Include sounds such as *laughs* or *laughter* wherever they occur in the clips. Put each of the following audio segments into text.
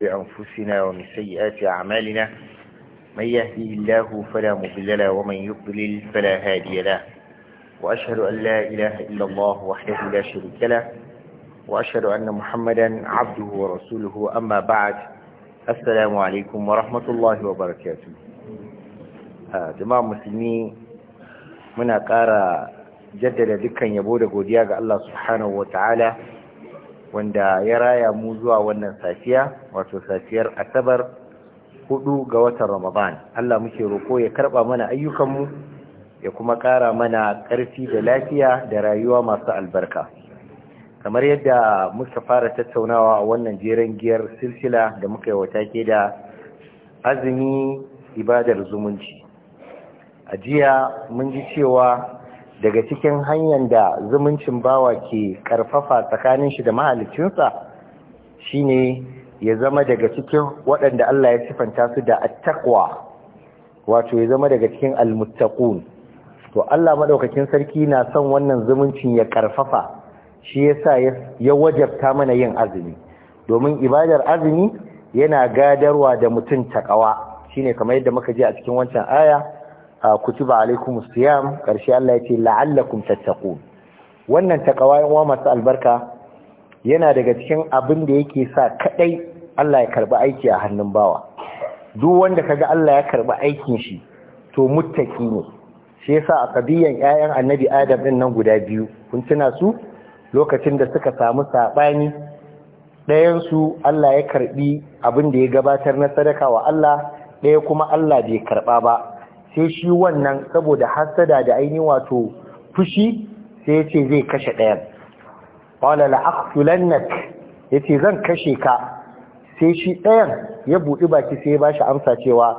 بأنفسنا ومن سيئات أعمالنا من يهديه الله فلا مضل له ومن يضلل فلا هادي له وأشهد أن لا إله إلا الله وحده لا شريك له وأشهد أن محمدا عبده ورسوله أما بعد السلام عليكم ورحمة الله وبركاته آه، جماعة المسلمين من ƙara جدد dukkan yabo da الله سبحانه وتعالى wanda ya raya mu zuwa wannan safiya wato safiyar asabar hudu ga watan ramadan Allah muke roko ya karba mana ayyukanmu ya kuma kara mana karfi da lafiya da rayuwa masu albarka kamar yadda muka fara tattaunawa a wannan jeren giyar silsila da muka yi wata ke da azumi ibadar zumunci a jiya mun ji cewa daga cikin hanyar da zumuncin bawa ke karfafa tsakanin shi da mahalicinsa shine ya zama daga cikin waɗanda Allah ya sifanta su da attaqwa wato ya zama daga cikin almuttaqun to Allah madaukakin sarki na son wannan zumuncin ya karfafa shi yasa ya wajabta mana yin azumi domin ibadar azumi yana gadarwa da mutum takawa shine kamar yadda muka ji a cikin wancan aya kutuba alaikum siyam karshe Allah yace, ce la'allakum tattaqun wannan takawa yan uwa masu albarka yana daga cikin abin da yake sa kadai Allah ya karba aiki a hannun bawa duk wanda kaga Allah ya karba aikin shi to muttaki ne shi yasa a kabiyan 'ya'yan Annabi Adam din nan guda biyu kun tuna su lokacin da suka samu sabani ɗayan su Allah ya karbi abin da ya gabatar na sadaka wa Allah ɗaya kuma Allah bai karba ba sai shi wannan saboda hasada da aini wato fushi sai ce zai kashe ɗayan qala la ya ce zan kashe ka sai shi ɗayan ya buɗi baki sai ya shi amsa cewa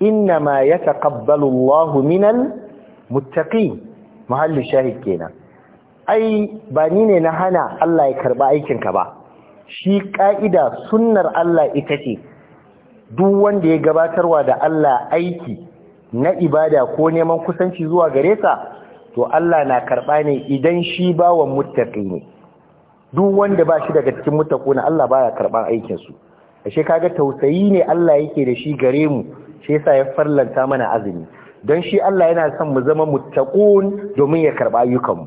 inna ma yataqabbalu Allahu minal muttaqin muhalli shahid kenan ai ba ni ne na hana Allah ya karɓa aikinka ba shi ƙa'ida sunnar Allah ita ce duk wanda ya gabatarwa da Allah aiki na ibada ko neman kusanci zuwa gare sa to Allah na karɓa ne idan shi bawan muttaqi ne duk wanda ba shi daga cikin muttaquna Allah baya karba aikin su ashe kaga tausayi ne Allah yake da shi gare mu shi yasa ya farlanta mana azumi don shi Allah yana son mu zama muttaqun domin ya karɓa ayyukan mu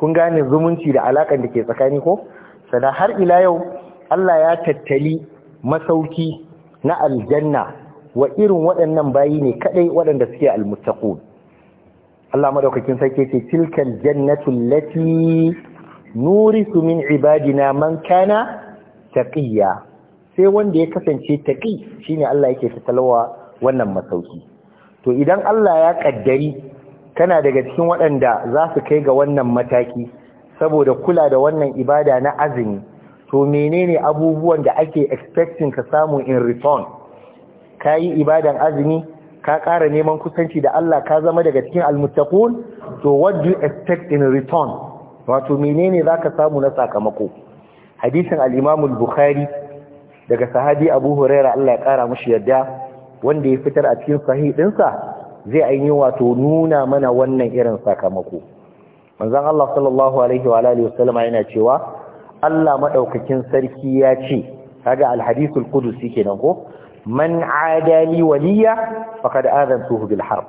kun gane zumunci da alakan da ke tsakani ko sana har ila yau Allah ya tattali masauki na aljanna wa irin waɗannan bayi ne kaɗai waɗanda suke almuttaqun Allah madaukakin sarki ce tilkal jannatu lati nurisu min ibadina man kana taqiya sai wanda ya kasance taqi shine Allah yake fitalwa wannan masauki to idan Allah ya kaddari kana daga cikin waɗanda za su kai ga wannan mataki saboda kula da wannan ibada na azumi to menene abubuwan da ake expecting ka samu in return ka yi ibadan azumi ka ƙara neman kusanci da Allah ka zama daga cikin almuttaqun to what do you expect in return wato menene zaka samu na sakamako hadisin al-Imam al-Bukhari daga sahabi Abu Huraira Allah ya ƙara mushi yadda wanda ya fitar a cikin sahih dinsa zai aini wato nuna mana wannan irin sakamako manzon Allah sallallahu alaihi wa alihi wasallama yana cewa Allah madaukakin sarki ya ce kaga al-hadithul qudusi kenan ko man adali waliya faqad azantuhu bil harb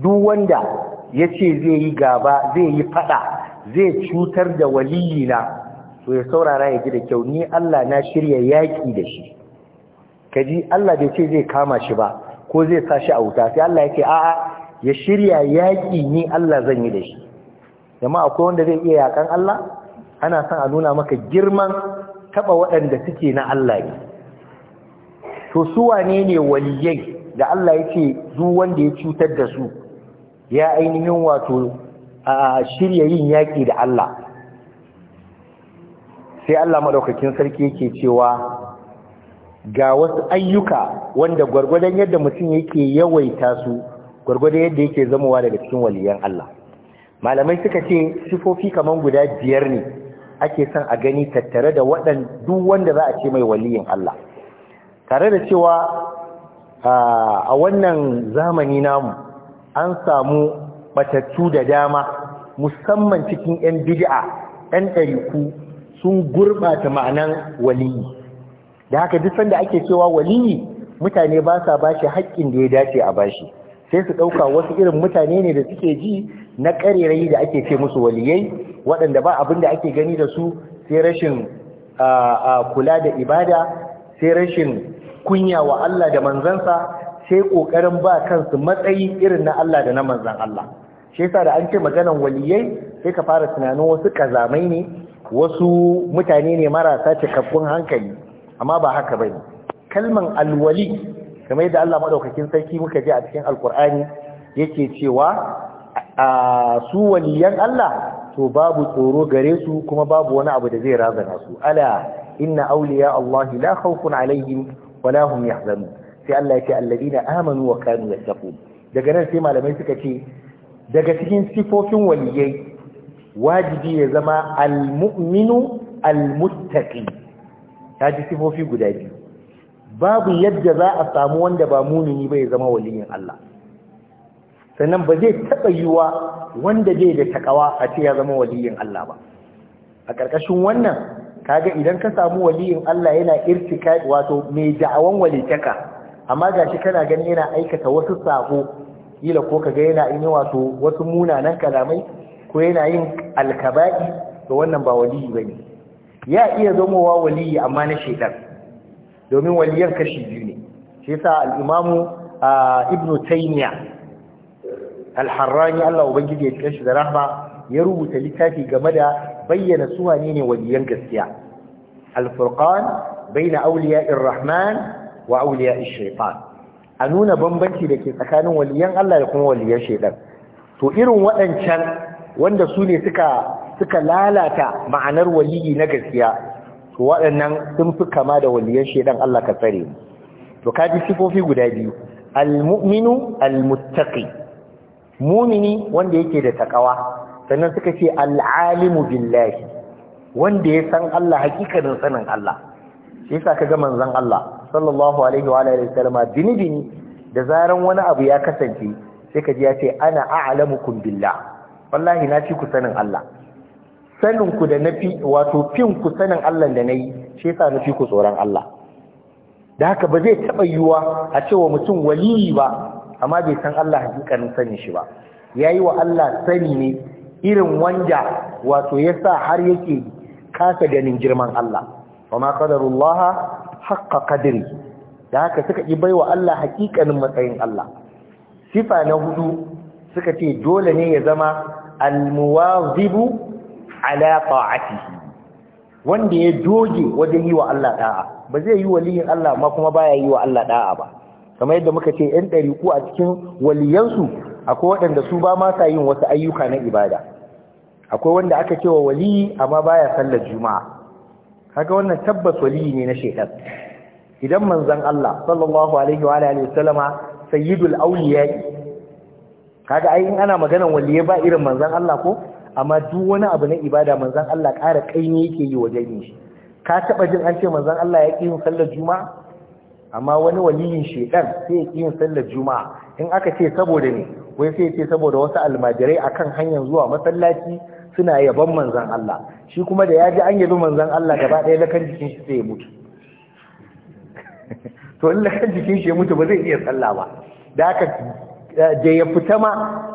duk wanda yace zai yi gaba zai yi fada zai cutar da waliyina to ya saurara ya ji da kyau ni Allah na shirya yaki da shi kaji Allah bai ce zai kama shi ba ko zai sa shi a wuta sai Allah yake a'a ya shirya yaki ni Allah zan yi da shi jama'a akwai wanda zai iya yakan Allah ana son a nuna maka girman taba waɗanda suke na Allah ne to su wane ne waliyai da Allah yake zu wanda ya cutar da su ya ainihin wato a shirya yin yaƙi da Allah sai Allah madaukakin sarki yake cewa ga wasu ayyuka wanda gwargwadon yadda mutum yake yawaita su gwargwadon yadda yake zamowa daga cikin waliyan Allah malamai suka ce sifofi kaman guda biyar ne ake son a gani tattare da waɗan duk wanda za a ce mai waliyin Allah tare da cewa a wannan zamani namu an samu batattu da dama musamman cikin 'yan bid'a 'yan ɗariku sun gurɓata ma'anan waliyi da haka duk sanda ake cewa waliyi mutane ba sa bashi haƙƙin da ya dace a bashi sai su ɗauka wasu irin mutane ne da suke ji na ƙarerayi da ake ce musu waliyai waɗanda ba abin da ake gani da su sai rashin kula da ibada sai rashin kunya wa Allah da manzansa sai kokarin ba kansu matsayi irin na Allah da na manzan Allah shi yasa da an ce maganan waliyai sai ka fara tunanin wasu kazamai ne wasu mutane ne marasa cikakkun hankali amma ba haka bane kalman alwali kamar yadda Allah madaukakin sarki muka ji a cikin alkur'ani yake cewa a su waliyan Allah to babu tsoro gare su kuma babu wani abu da zai razana su ala inna auliya Allah la khawfun alaihim wala hum yahzanun sai Allah ya ce alladina amanu wa kanu yattaqun daga nan sai malamai suka ce daga cikin sifofin waliyai wajibi ya zama almu'minu almuttaqi ta ji sifofi guda biyu babu yadda za a samu wanda ba mumini ba ya zama waliyin Allah sannan ba zai taɓa yiwa wanda zai da takawa a ce ya zama waliyin Allah ba a ƙarƙashin wannan kaga idan ka samu waliyin Allah yana irtika wato mai da'awan walitaka amma gashi kana ganin yana aikata wasu sako kila ko kaga yana yin wato wasu munanan kalamai ko yana yin alkaba'i to wannan ba waliyi bane ya iya zamowa waliyi amma na shedan domin waliyan kashi biyu ne shi yasa al-imamu ibn Taymiyyah al-harrani Allah ubangiji ya shi da rahma ya rubuta littafi game da bayyana su wane ne waliyan gaskiya al-furqan baina awliya'ir rahman wa awliya'ish shaytan a nuna bambanci da ke tsakanin waliyan Allah da kuma waliyan shaytan to irin waɗancan wanda su ne suka suka lalata ma'anar waliyi na gaskiya to waɗannan sun fi kama da waliyan shaytan Allah ka tsare to kaji sifofi guda biyu al-mu'minu al-muttaqi mu'mini wanda yake da ƙawa. sannan suka ce al'alimu billahi wanda ya san Allah hakikanin sanin Allah shi ka gama zan Allah sallallahu alaihi wa alihi Bini-bini. da zaren wani abu ya kasance sai ka ji ya ce ana a'lamukum billah wallahi na fi ku sanin Allah sanin ku da nafi wato fin ku sanin Allah da nayi shi sa na fi ku tsoron Allah da haka ba zai taba yiwa a cewa mutum waliyi ba amma bai san Allah hakikanin sanin shi ba yayi wa Allah sani ne irin wanda wato yasa har yake kasa ganin girman Allah wa ma haƙa haqqa da haka suka ki baiwa Allah hakikanin matsayin Allah sifa na hudu suka ce dole ne ya zama almuwazibu ala ta'atihi wanda ya doge wajen yi wa Allah da'a ba zai yi waliyin Allah ma kuma baya yi wa Allah ɗa'a ba kamar yadda muka ce ɗari ku a cikin waliyansu akwai waɗanda su ba ma yin wasu ayyuka na ibada akwai wanda aka cewa wali amma baya sallar juma'a kaga wannan tabbas wali ne na shekar idan manzon Allah sallallahu alaihi wa alihi wasallama sayyidul awliya kaga ai in ana maganar ya ba irin manzon Allah ko amma duk wani abu na ibada manzon Allah ƙara kaini yake yi wajen shi ka taba jin an ce manzon Allah ya yi sallar juma'a amma wani waliyin shaitan sai ya yi sallar juma'a in aka ce saboda ne wai sai ce saboda wasu almajirai akan hanyar zuwa masallaci suna yaban manzan Allah shi kuma da ya ji an yabi manzan Allah gaba ɗaya lakan jikin shi sai ya mutu *laughs* to in lakan jikin shi ya mutu ba zai iya sallah ba da haka eh, da ya fita ma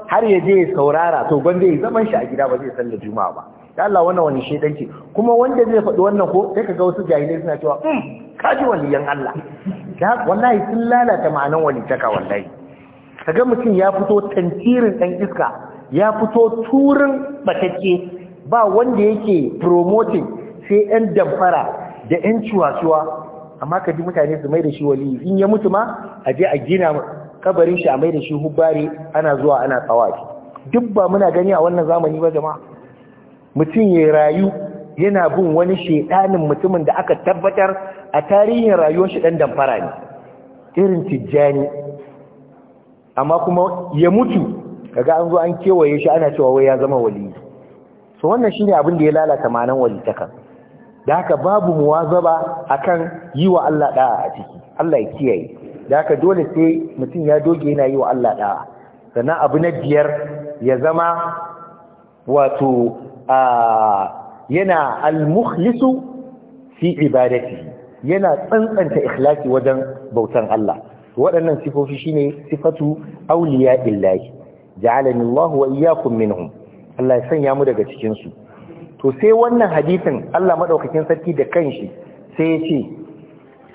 har ya je ya saurara to gwanda ya zaman shi a gida ba zai sallar juma'a ba ya Allah wannan wani shaidanci kuma wanda zai faɗi wannan ko sai ka ga wasu jahilai suna cewa hmm, kaji waliyan Allah *laughs* wallahi sun lalata ma'anan walitaka wallahi kaga mutum ya fito tantirin ɗan iska ya fito turin ɓatacce ba wanda yake promoting sai ɗan damfara da ɗan cuwa-cuwa amma ka ji mutane su mai da shi wali in ya mutu ma a je a gina kabarin shi a mai da shi hubbare ana zuwa ana tsawafi duk ba muna gani a wannan zamani ba jama'a mutum ya rayu yana bin wani shaidanin mutumin da aka tabbatar a tarihin rayuwar shi ɗan damfara ne irin tijjani amma kuma ya mutu kaga an zo an kewaye shi ana cewa wai ya zama wali so wannan shine abin da ya lalata manan walitaka da haka babu muwazaba akan yi wa Allah da'a a ciki Allah ya kiyaye da haka dole sai mutum ya doge yana yi wa Allah da'a sannan abu na biyar ya zama wato yana al-mukhlisu fi ibadati yana tsantsanta ikhlasi wajen bautan Allah waɗannan sifofi shine sifatu auliya illahi ja'alani Allah wa iyyakum minhum Allah ya sanya mu daga cikin su to sai wannan hadisin Allah madaukakin sarki da kanshi sai ya ce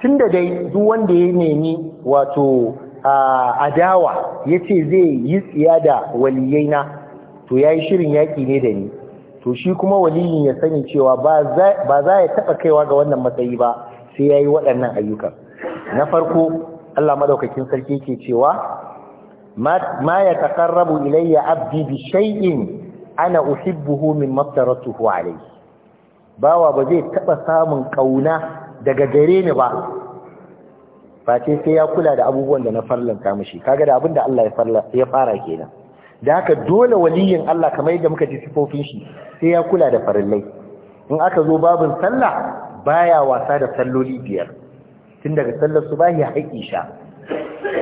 tunda dai duk wanda ya nemi wato adawa yace zai yi tsiya da waliyaina to yayi shirin yaki ne da ni to shi kuma waliyin ya sani cewa ba za ya taba kaiwa ga wannan matsayi ba sai yayi waɗannan ayyukan na farko Allah madaukakin sarki ke cewa ma ya taqarrabu ilayya abdi bi shay'in ana uhibbuhu min maftaratuhu alayhi bawa ba zai taba samun kauna daga gare ni ba ce sai ya kula da abubuwan da na farlanta mishi kaga da abinda Allah ya fara kenan da haka dole waliyin Allah kamar yadda muka ji sifofin shi sai ya kula da farillai in aka zo babin sallah baya wasa da salloli biyar tun daga sallar subahi har sha.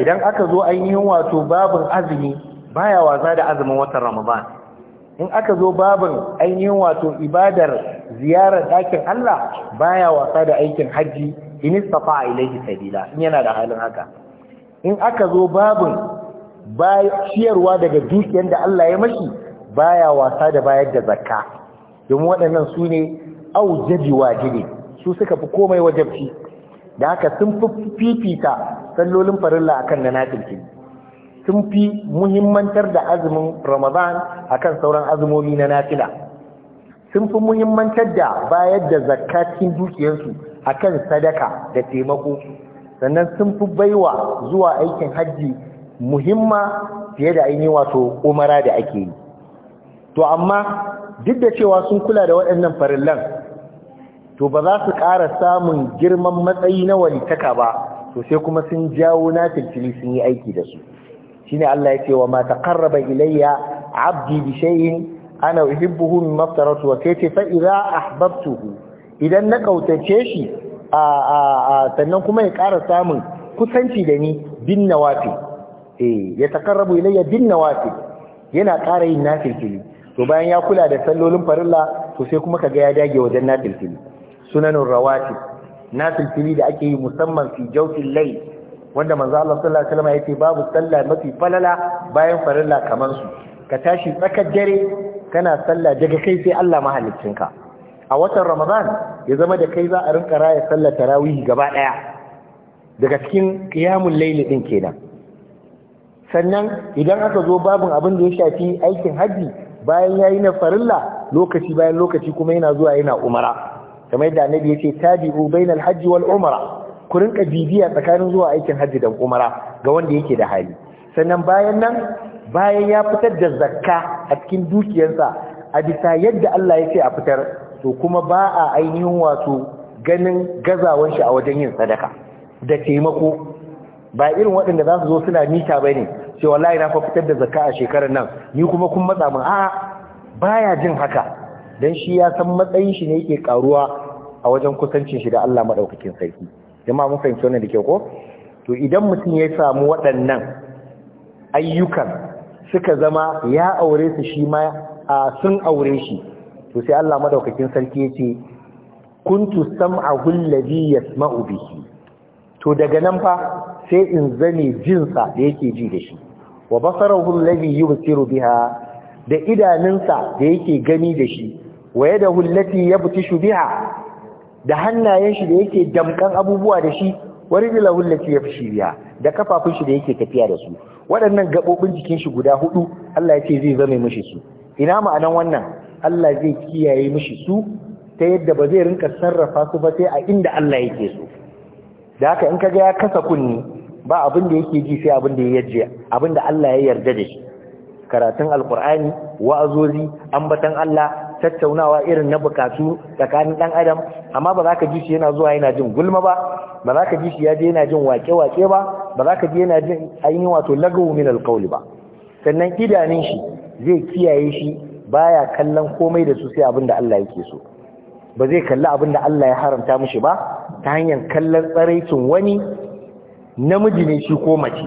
idan aka zo ainihin wato babin azumi baya waza da azumin watan ramadan in aka zo babin ainihin wato ibadar ziyarar ɗakin Allah baya wasa da aikin hajji in istafa ilayhi sabila in yana da halin haka in aka zo babin ciyarwa daga dukiyar da Allah ya mashi baya wasa da bayar da zakka domin waɗannan su ne aujabi wajibi su suka fi komai wajabci da haka sun fifita sallolin farilla akan na nafilki sun fi muhimmantar da azumin ramadan akan sauran azumomi na nafila sun fi muhimmantar da bayar da zakatin dukiyarsu akan sadaka da taimako sannan sun fi baiwa zuwa aikin hajji muhimma fiye da ainihin wato umara da ake yi to amma duk da cewa sun kula da waɗannan farillan to ba za su ƙara samun girman matsayi na walitaka ba to sai kuma sun jawo na sun yi aiki da su shine Allah ya ce wa ma taqarraba ilayya abdi bi shay'in ana uhibbuhu mimma aftaratu wa kayfa fa idza ahbabtuhu idan na kautace shi a sannan kuma ya ƙara samun kusanci da ni bin nawafi eh ya taqarrabu ilayya bin nawafi yana ƙara yin nafilfili to bayan ya kula da sallolin farilla to sai kuma ga ya dage wajen nafilfili sunanun rawati na filfili da ake yi musamman fi jaukin lai wanda manzo Allah sallallahu alaihi wasallam babu sallah mafi falala bayan farilla kaman su ka tashi tsakar dare kana sallah daga kai sai Allah ka. a watan Ramadan ya zama da kai za a rinka raya sallar tarawih gaba daya daga cikin qiyamul layl din kenan sannan idan aka zo babin abin da ya shafi aikin haji bayan yayi na farilla lokaci bayan lokaci kuma yana zuwa yana umara kamar yadda annabi ya ce tabi'u bainal hajji wal umra ku rinka bibiya tsakanin zuwa aikin hajji da umra ga wanda yake da hali sannan bayan nan bayan ya fitar da zakka a cikin dukiyarsa a bisa yadda Allah ya ce a fitar to kuma ba a ainihin wato ganin gazawar shi a wajen yin sadaka da taimako ba irin waɗanda za su zo suna mita ba ne ce wallahi na fa fitar da zakka a shekarar nan ni kuma kun matsa min a'a baya jin haka dan shi ya san matsayin shi ne yake karuwa a wajen kusancin shi da Allah maɗaukakin sarki jama'a mun fahimci wannan da ke ko to idan mutum ya samu waɗannan ayyukan suka zama ya aure su shi ma a sun aure shi to sai Allah madaukakin sarki yace kuntu sam'a alladhi yasma'u bihi to daga nan fa sai in zane jinsa da yake ji da shi wa basarahu alladhi yubsiru biha da idanunsa da yake gani da shi wa yadahu allati yabtishu biha da hannayen shi da yake damkan abubuwa da shi wa ya allati shi biha da kafafun shi da yake tafiya da su waɗannan gabobin jikin shi guda hudu Allah ya ce zai zame mishi su ina ma'anan wannan Allah zai kiyaye mishi su ta yadda ba zai rinka sarrafa su ba sai a inda Allah yake so da haka in kaga ya kasa kunni ba abin da yake ji sai abin da ya yarda abin da Allah ya yarda da shi karatun alkur'ani wa'azozi ambatan Allah tattaunawa irin na bukatu tsakanin ɗan adam amma ba za ka ji shi yana zuwa yana jin gulma ba ba za ka ji shi ya je yana jin wake-wake ba ba za ka ji yana jin ainihin wato lagawu min ba sannan idanun shi zai kiyaye shi baya kallon komai da su sai abin da Allah yake so ba zai kalli abin da Allah ya haramta mishi ba ta hanyar kallon tsaraicin wani namiji ne shi ko mace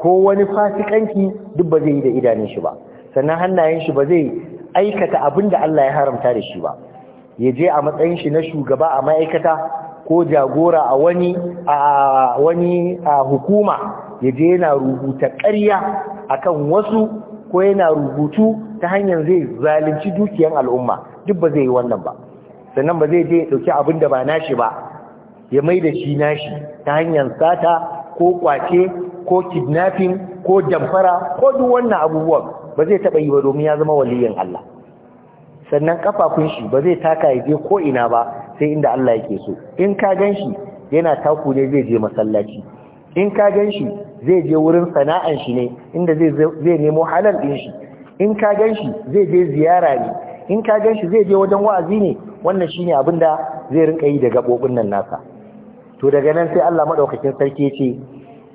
ko wani fasikanci duk ba zai yi da idanun shi ba sannan hannayen shi ba zai aikata abin da Allah ya haramta da shi ba ya je a matsayin shi na shugaba a ma'aikata ko jagora a wani a wani a hukuma ya je yana rubuta ƙarya akan wasu ko yana rubutu ta hanyar zai zalunci dukiyan al'umma duk ba zai yi wannan ba sannan ba zai je ya ɗauki abin da ba nashi ba ya mai da shi nashi ta hanyar sata ko kwace ko kidnapping ko damfara ko duk wannan abubuwan ba zai taɓa yi ba domin ya zama waliyin Allah sannan kafafun shi ba zai taka yaje ko ina ba sai inda Allah yake so in ka ganshi yana taku ne zai je masallaci in ka ganshi zai je wurin sana'an shi ne inda zai zai nemo halal din shi in ka ganshi zai je ziyara ne in ka ganshi zai je wajen wa'azi ne wannan shine abin da zai rinka yi da gabobin nan nasa to daga nan sai Allah madaukakin sarki ya ce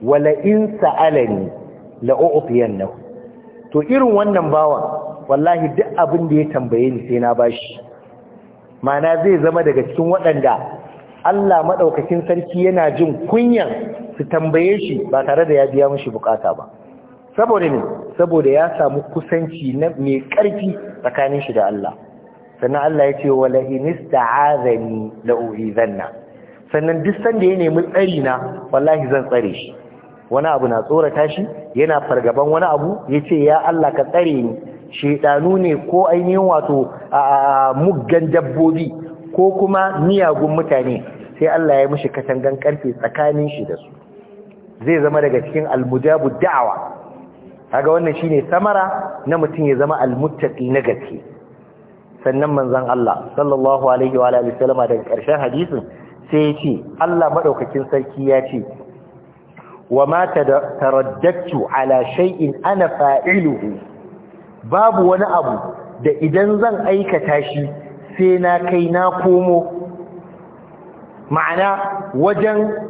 wala in sa'alani la to irin wannan bawan wallahi duk abin da ya tambaye ni sai na bashi mana zai zama daga cikin waɗanda Allah maɗaukakin sarki yana jin kunyan su tambaye shi ba tare da ya biya mishi bukata ba saboda ne saboda ya samu kusanci na mai ƙarfi tsakanin shi da Allah sannan Allah ya ce wala in ista'azani la uhizanna sannan duk sanda ya nemi tsari na wallahi zan tsare shi wani abu na tsorata shi yana fargaban wani abu ya ce ya Allah ka tsare ni shedanu ne ko ainihin wato muggan dabbobi ko kuma miyagun mutane sai Allah ya mishi katangan karfe tsakanin shi da su zai zama daga cikin almujabu da'awa kaga wannan shine samara na mutum ya zama almuttaqi na gaske sannan manzon Allah sallallahu alaihi wa alihi wasallama daga ƙarshen hadisin sai ya ce Allah madaukakin sarki ya ce wa ma taraddatu ala shay'in ana fa'iluhu babu wani abu da idan zan aikata shi sai na kai na komo ma'ana wajen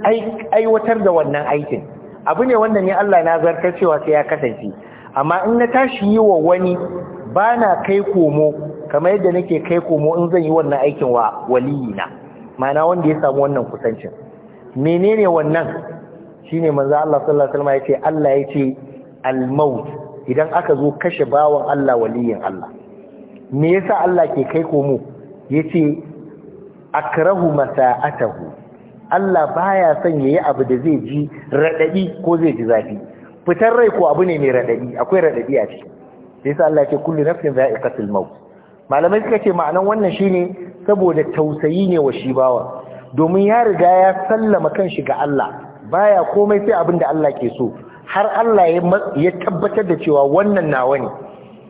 aiwatar da wannan aikin abu ne wannan ya Allah na zartar cewa sai ya kasance amma in na tashi yi wa wani ba na kai komo kamar yadda nake kai komo in zan yi wannan aikin wa waliyina ma'ana wanda ya samu wannan kusancin menene wannan Shi ne manzo Allah sallallahu alaihi wasallam yace Allah yace al-maut idan aka zo kashe bawan Allah waliyin Allah me yasa Allah ke kai komo yace akrahu masa'atahu Allah baya son yayi abu da zai ji radadi ko zai ji zafi fitar rai ko abu ne mai radadi akwai radadi a ciki ya sa Allah ya kullu nafsin za'iqatul maut malamai suka ce ma'anan wannan shine saboda tausayi ne wa shi bawa domin ya riga ya sallama kan shi ga Allah baya komai sai abin da Allah ke so har Allah ya tabbatar da cewa wannan nawa ne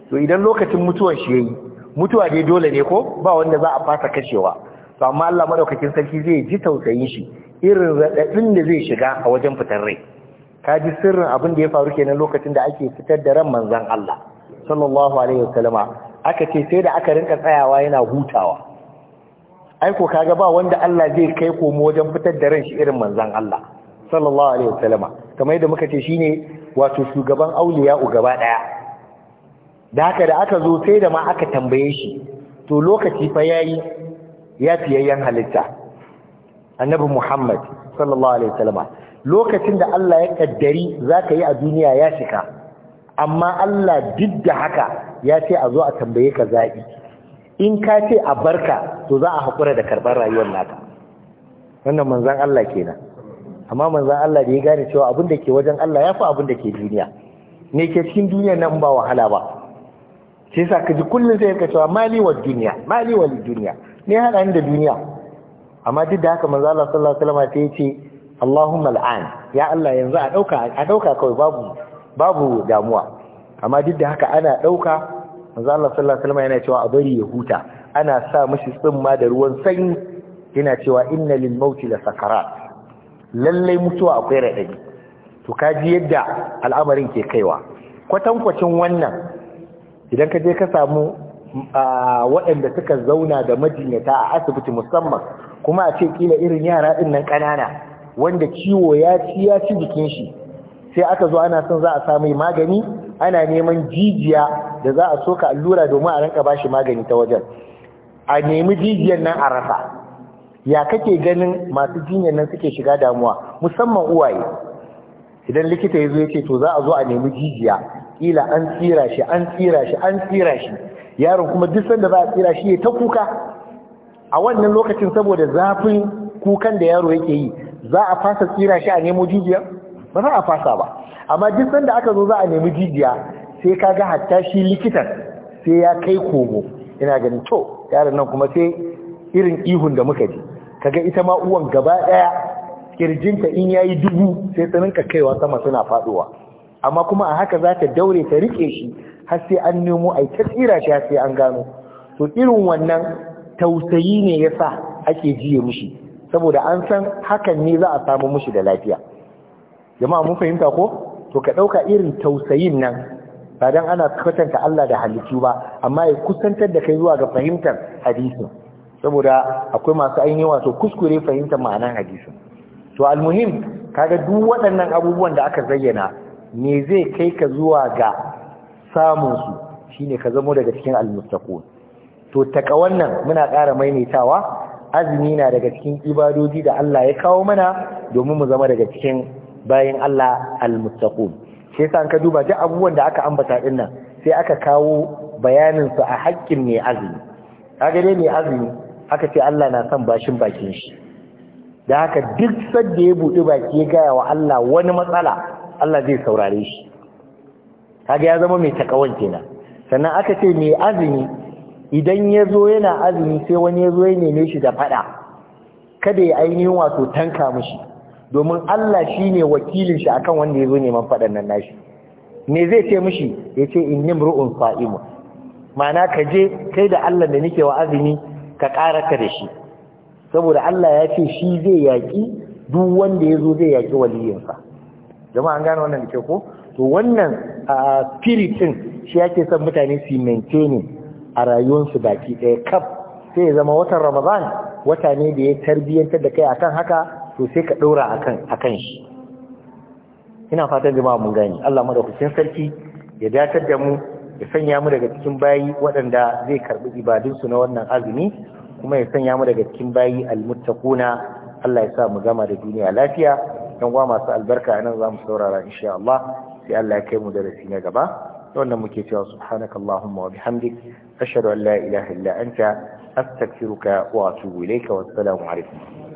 to idan lokacin mutuwar shi yayi mutuwa dai dole ne ko ba wanda za a fasa kashewa to amma Allah madaukakin sarki zai ji tausayin shi irin radadin da zai shiga a wajen fitar rai ka ji sirrin abin da ya faru kenan lokacin da ake fitar da ran manzon Allah sallallahu alaihi wasallama aka ce sai da aka rinka tsayawa yana hutawa aiko kaga ba wanda Allah zai kai komo wajen fitar da ran shi irin manzon Allah sallallahu alaihi wasallama kamar yadda muka ce shine wato shugaban u gaba daya da haka da aka zo sai da ma aka tambaye shi to lokaci fa yayi ya fiyayyen halitta annabi Muhammad sallallahu alaihi wasallama lokacin da Allah ya kaddari zaka yi a duniya ya shika amma Allah duk da haka ya ce a zo a tambaye ka zabi in ka ce a barka to za a haƙura da karɓar rayuwar naka wannan manzan Allah kenan amma manzon Allah da ya gane cewa abin da ke wajen Allah ya fi abin da ke duniya ne ke cikin duniya nan ba wahala ba sai sa ka ji kullum sai ka cewa mali wa duniya mali wa duniya ne hada da duniya amma duk da haka manzo Allah sallallahu alaihi wasallam sai ya ce Allahumma al'an ya Allah yanzu a dauka a dauka kawai babu babu damuwa amma duk da haka ana dauka manzo Allah sallallahu alaihi wasallam yana cewa a bari ya huta ana sa mishi tsimma da ruwan sanyi yana cewa inna lil mauti la sakarat lallai mutuwa akwai raɗaɗi to ka ji yadda al'amarin ke kaiwa kwatankwacin wannan idan ka je ka samu waɗanda suka zauna da majinyata a asibiti musamman kuma a ce kila irin yara ɗin nan ƙanana wanda ciwo ya ci ya ci jikin shi sai aka zo ana son za a samu magani ana neman jijiya da za a soka allura domin a ranka bashi magani ta wajen a nemi jijiyan nan a rasa ya kake ganin masu jinyar nan suke shiga damuwa musamman uwaye idan likita ya zo ya ce to za a zo a nemi jijiya kila an tsira shi an tsira shi an tsira shi yaron kuma duk sanda za a tsira shi ya ta kuka a wannan lokacin saboda zafin kukan da yaro yake yi za a fasa tsira shi a nemo jijiya ba za a fasa ba amma duk sanda aka zo za a nemi jijiya sai ka ga hatta shi likitan sai ya kai komo ina ganin to yaron nan kuma sai irin ihun da muka ji kaga ita ma uwan gaba daya kirjinta in yayi dubu sai ta kaiwa sama suna faduwa amma kuma a haka za daure ta rike shi har sai an nemo ai ta tsira shi sai an gano to irin wannan tausayi ne yasa ake jiye mushi saboda an san hakan ne za a samu mushi da lafiya jama'a mun fahimta ko to ka dauka irin tausayin nan ba dan ana kwatanta Allah da halittu ba amma ya kusantar da kai zuwa ga fahimtar hadisin saboda akwai masu ainihin wato kuskure fahimtar ma'anar hadisin to almuhim kaga duk waɗannan abubuwan da aka zayyana me zai kai ka zuwa ga samun su shine ka zamo daga cikin almustaqim to taka wannan muna ƙara maimaitawa azumi na daga cikin ibadoji da Allah ya kawo mana domin mu zama daga cikin bayan Allah almustaqim shi ka duba duk abubuwan da aka ambata ɗinnan sai aka kawo bayanin su a haƙƙin mai azumi kaga dai mai azumi aka ce Allah na son bashin bakin shi da haka duk sadda ya buɗi baki ya gaya wa Allah wani matsala Allah zai saurare shi kaga ya zama mai takawan kenan sannan aka ce mai azumi idan ya zo yana azumi sai wani ya zo ya neme shi da faɗa kada ya ainihin wato tanka mishi domin Allah shi ne wakilin shi akan wanda ya zo neman faɗan nan nashi me zai ce mishi ya ce in yi fa'imu ma'ana ka je kai da Allah da nake wa azumi ka ƙaraka da shi saboda Allah ya ce shi zai yaƙi duk wanda ya zo zai yaƙi waliyinsa jama'a an gane wannan da ke ko to wannan a spiritin shi yake son mutane su maintain a rayuwarsu baki ɗaya kaf sai ya zama watan ramadan wata ne da ya tarbiyyantar da kai akan haka to sai ka ɗora akan akan shi ina fatan jama'a mun gani Allah madaukakin sarki ya datar da mu ya sanya mu daga cikin bayi waɗanda zai karɓi ibadunsu na wannan azumi kuma ya sanya mu daga cikin bayi almuttaquna Allah ya sa mu gama da duniya lafiya don uwa masu albarka nan zamu saurara insha Allah sai Allah ya kai mu darasi na gaba wannan muke cewa subhanakallahumma wa bihamdik ashhadu an la ilaha illa anta astaghfiruka wa atubu ilayka wa assalamu alaikum